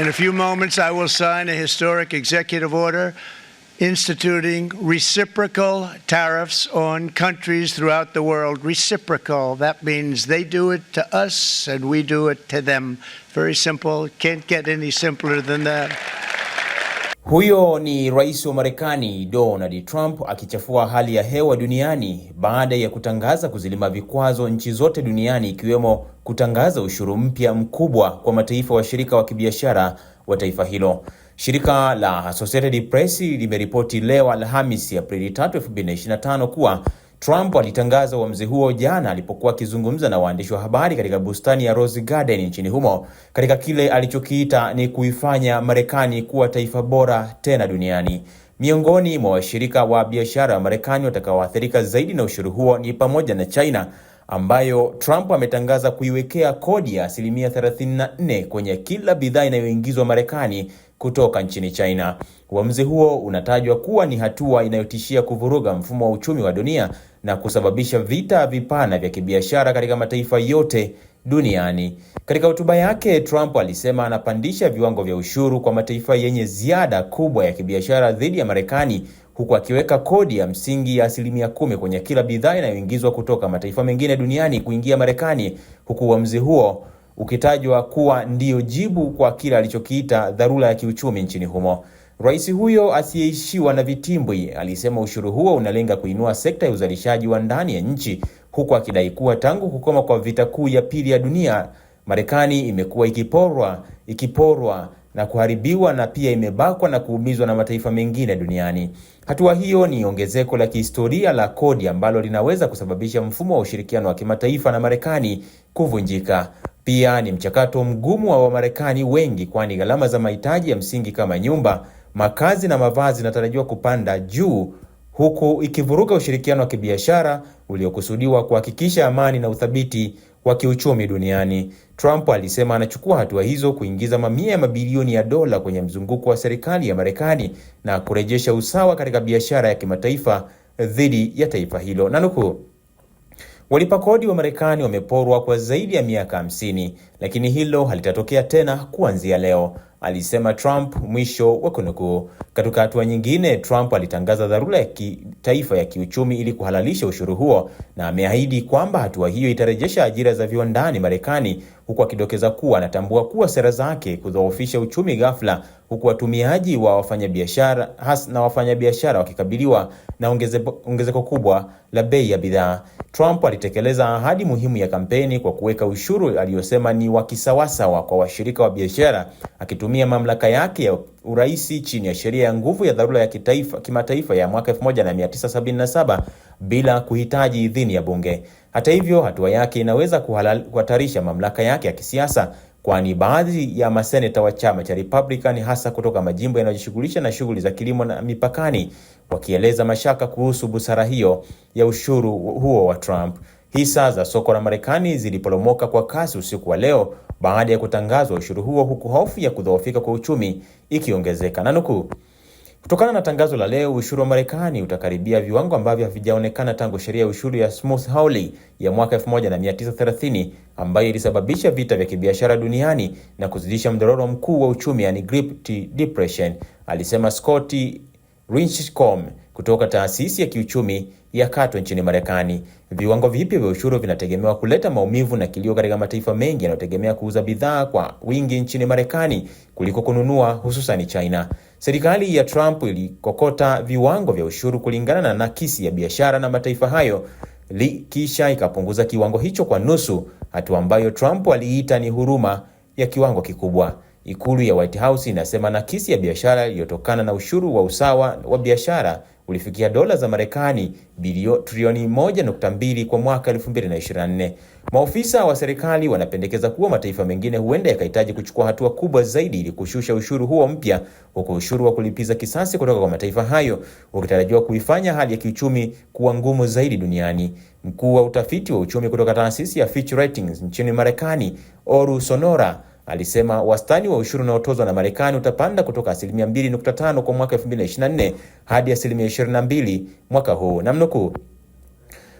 In a few moments, I will sign a historic executive order instituting reciprocal tariffs on countries throughout the world. Reciprocal, that means they do it to us and we do it to them. Very simple, can't get any simpler than that. Huyo ni rais wa Marekani Donald Trump akichafua hali ya hewa duniani baada ya kutangaza kuzilima vikwazo nchi zote duniani ikiwemo kutangaza ushuru mpya mkubwa kwa mataifa washirika wa kibiashara wa taifa hilo. Shirika la Associated Press limeripoti leo Alhamisi Aprili 3, 2025 kuwa Trump alitangaza uamuzi huo jana alipokuwa akizungumza na waandishi wa habari katika bustani ya Rose Garden nchini humo katika kile alichokiita ni kuifanya Marekani kuwa taifa bora tena duniani. Miongoni mwa washirika wa biashara wa Marekani watakaoathirika zaidi na ushuru huo ni pamoja na China ambayo Trump ametangaza kuiwekea kodi ya asilimia 34 kwenye kila bidhaa inayoingizwa Marekani kutoka nchini China. Uamuzi huo unatajwa kuwa ni hatua inayotishia kuvuruga mfumo wa uchumi wa dunia na kusababisha vita vipana vya kibiashara katika mataifa yote duniani. Katika hotuba yake, Trump alisema anapandisha viwango vya ushuru kwa mataifa yenye ziada kubwa ya kibiashara dhidi ya Marekani huku akiweka kodi ya msingi ya asilimia kumi kwenye kila bidhaa inayoingizwa kutoka mataifa mengine duniani kuingia Marekani, huku uamuzi huo ukitajwa kuwa ndiyo jibu kwa kile alichokiita dharura ya kiuchumi nchini humo. Rais huyo asiyeishiwa na vitimbwi alisema ushuru huo unalenga kuinua sekta ya uzalishaji wa ndani ya nchi, huku akidai kuwa tangu kukoma kwa vita kuu ya pili ya dunia Marekani imekuwa ikiporwa ikiporwa na kuharibiwa na pia imebakwa na kuumizwa na mataifa mengine duniani. Hatua hiyo ni ongezeko la kihistoria la kodi ambalo linaweza kusababisha mfumo wa ushirikiano wa kimataifa na Marekani kuvunjika. Pia ni mchakato mgumu wa Wamarekani wengi, kwani gharama za mahitaji ya msingi kama nyumba, makazi na mavazi zinatarajiwa kupanda juu, huku ikivuruga ushirikiano wa kibiashara uliokusudiwa kuhakikisha amani na uthabiti wa kiuchumi duniani. Trump alisema anachukua hatua hizo kuingiza mamia ya mabilioni ya dola kwenye mzunguko wa serikali ya Marekani na kurejesha usawa katika biashara ya kimataifa dhidi ya taifa hilo. Nanukuu, walipa kodi wa Marekani wameporwa kwa zaidi ya miaka hamsini lakini hilo halitatokea tena kuanzia leo, alisema Trump, mwisho wa kunukuu. Katika hatua nyingine, Trump alitangaza dharura ya kitaifa ya kiuchumi ili kuhalalisha ushuru huo na ameahidi kwamba hatua hiyo itarejesha ajira za viwandani Marekani, huku akidokeza kuwa anatambua kuwa sera zake kudhoofisha uchumi ghafla, huku watumiaji wa wafanyabiashara hasa na wafanyabiashara wakikabiliwa na ongezeko ungeze kubwa la bei ya bidhaa. Trump alitekeleza ahadi muhimu ya kampeni kwa kuweka ushuru aliyosema ni wa kisawasawa kwa washirika wa biashara akitumia mamlaka yake ya uraisi chini ya sheria ya nguvu ya dharura ya kitaifa kimataifa ya mwaka 1977 bila kuhitaji idhini ya bunge. Hata hivyo, hatua yake inaweza kuhatarisha mamlaka yake ya kisiasa kwani baadhi ya maseneta wa chama cha Republican hasa kutoka majimbo yanayojishughulisha na shughuli za kilimo na mipakani wakieleza mashaka kuhusu busara hiyo ya ushuru huo wa Trump. Hisa za soko la Marekani ziliporomoka kwa kasi usiku wa leo baada ya kutangazwa ushuru huo, huku hofu ya kudhoofika kwa uchumi ikiongezeka. Na nukuu, kutokana na tangazo la leo, ushuru wa Marekani utakaribia viwango ambavyo havijaonekana tangu sheria ya ushuru ya Smith-Hawley ya mwaka 1930 ambayo ilisababisha vita vya kibiashara duniani na kuzidisha mdororo mkuu wa uchumi, yani Great Depression, alisema Scott Rinchiscombe kutoka taasisi ya kiuchumi yakatwe nchini Marekani. Viwango vipya vya ushuru vinategemewa kuleta maumivu na kilio katika mataifa mengi yanayotegemea kuuza bidhaa kwa wingi nchini Marekani kuliko kununua, hususan China. Serikali ya Trump ilikokota viwango vya ushuru kulingana na nakisi ya biashara na mataifa hayo likisha ikapunguza kiwango hicho kwa nusu, hatua ambayo Trump aliita ni huruma ya kiwango kikubwa. Ikulu ya White House inasema nakisi ya biashara iliyotokana na ushuru wa usawa wa biashara ulifikia dola za Marekani trilioni 1.2 kwa mwaka 2024. Maofisa wa serikali wanapendekeza kuwa mataifa mengine huenda yakahitaji kuchukua hatua kubwa zaidi ili kushusha ushuru huo mpya, huku ushuru wa kulipiza kisasi kutoka kwa mataifa hayo ukitarajiwa kuifanya hali ya kiuchumi kuwa ngumu zaidi duniani. Mkuu wa utafiti wa uchumi kutoka taasisi ya Fitch Ratings nchini Marekani, Oru Sonora alisema wastani wa ushuru unaotozwa na Marekani utapanda kutoka asilimia 2.5 kwa mwaka 2024 hadi asilimia 22 mwaka huu, namnukuu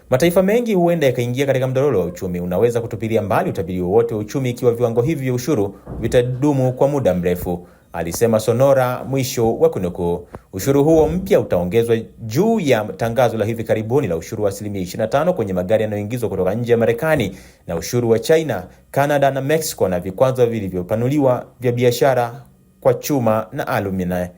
Mataifa mengi huenda yakaingia katika mdororo wa uchumi. Unaweza kutupilia mbali utabiri wowote wa uchumi ikiwa viwango hivi vya ushuru vitadumu kwa muda mrefu alisema Sonora. Mwisho wa kunukuu. Ushuru huo mpya utaongezwa juu ya tangazo la hivi karibuni la ushuru wa asilimia 25 kwenye magari yanayoingizwa kutoka nje ya Marekani na ushuru wa China, Canada na Mexico, na vikwazo vilivyopanuliwa vya biashara kwa chuma na alumina.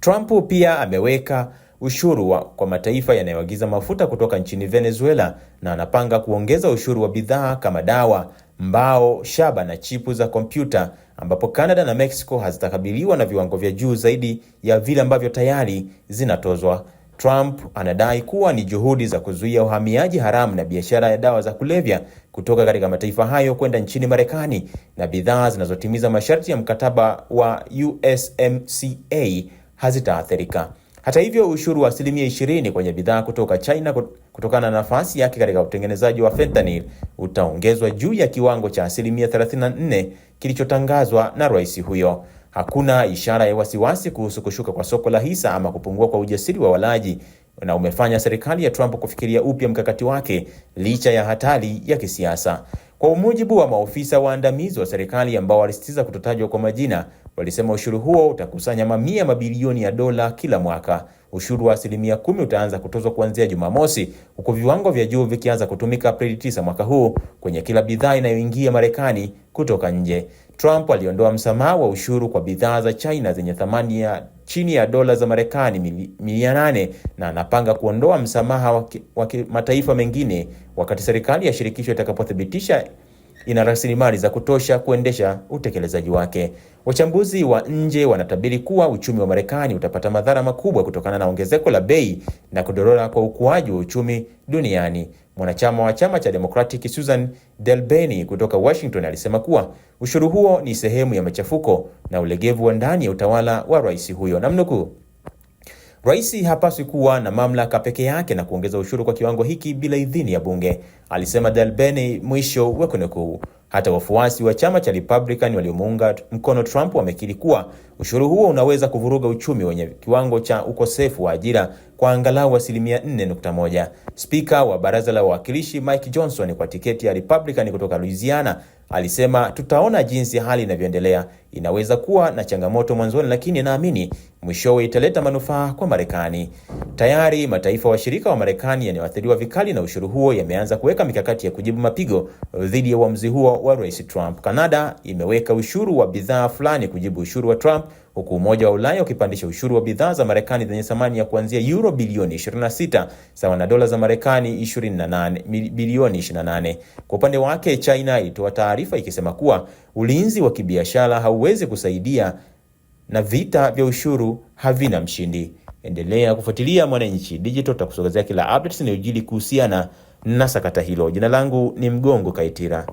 Trump pia ameweka ushuru wa kwa mataifa yanayoagiza mafuta kutoka nchini Venezuela na anapanga kuongeza ushuru wa bidhaa kama dawa, mbao, shaba na chipu za kompyuta, ambapo Canada na Mexico hazitakabiliwa na viwango vya juu zaidi ya vile ambavyo tayari zinatozwa. Trump anadai kuwa ni juhudi za kuzuia uhamiaji haramu na biashara ya dawa za kulevya kutoka katika mataifa hayo kwenda nchini Marekani na bidhaa zinazotimiza masharti ya mkataba wa USMCA hazitaathirika. Hata hivyo, ushuru wa asilimia 20 kwenye bidhaa kutoka China kutokana na nafasi yake katika utengenezaji wa fentanyl utaongezwa juu ya kiwango cha asilimia 34 kilichotangazwa na rais huyo. Hakuna ishara ya wasiwasi kuhusu kushuka kwa soko la hisa ama kupungua kwa ujasiri wa walaji, na umefanya serikali ya Trump kufikiria upya mkakati wake licha ya hatari ya kisiasa. Kwa mujibu wa maofisa waandamizi wa serikali ambao walisitiza kutotajwa kwa majina, walisema ushuru huo utakusanya mamia mabilioni ya dola kila mwaka. Ushuru wa asilimia kumi utaanza kutozwa kuanzia Jumamosi, huku viwango vya juu vikianza kutumika Aprili 9 mwaka huu kwenye kila bidhaa inayoingia Marekani kutoka nje. Trump aliondoa msamaha wa ushuru kwa bidhaa za China zenye thamani ya chini ya dola za Marekani mia nane na anapanga kuondoa msamaha wa mataifa mengine wakati serikali ya shirikisho itakapothibitisha ina rasilimali za kutosha kuendesha utekelezaji wake. Wachambuzi wa nje wanatabiri kuwa uchumi wa Marekani utapata madhara makubwa kutokana na ongezeko la bei na kudorora kwa ukuaji wa uchumi duniani. Mwanachama wa chama cha Democratic Susan Delbeni kutoka Washington alisema kuwa ushuru huo ni sehemu ya machafuko na ulegevu wa ndani ya utawala wa rais huyo, namnukuu, Rais hapaswi kuwa na mamlaka peke yake na kuongeza ushuru kwa kiwango hiki bila idhini ya bunge, alisema Delbeni, mwisho wa kunukuu. Hata wafuasi wa chama cha Republican waliomuunga mkono Trump wamekiri kuwa ushuru huo unaweza kuvuruga uchumi wenye kiwango cha ukosefu wa ajira kwa angalau asilimia 4.1. Spika wa Baraza la Wawakilishi Mike Johnson kwa tiketi ya Republican kutoka Louisiana alisema, tutaona jinsi hali inavyoendelea. Inaweza kuwa na changamoto mwanzoni, lakini naamini mwishowe italeta manufaa kwa Marekani. Tayari mataifa washirika wa Marekani yanayoathiriwa vikali na ushuru huo yameanza kuweka mikakati ya kujibu mapigo dhidi ya uamuzi huo wa Rais Trump. Kanada imeweka ushuru wa bidhaa fulani kujibu ushuru wa Trump, huku Umoja wa Ulaya ukipandisha ushuru wa bidhaa za Marekani zenye thamani ya kuanzia euro bilioni 26 sawa na dola za Marekani 28 bilioni 28. Kwa upande wake, China ilitoa taarifa ikisema kuwa ulinzi wa kibiashara hauwezi kusaidia na vita vya ushuru havina mshindi. Endelea kufuatilia Mwananchi Digital, tutakusogezea kila updates inayojili kuhusiana na sakata hilo. Jina langu ni Mgongo Kaitira.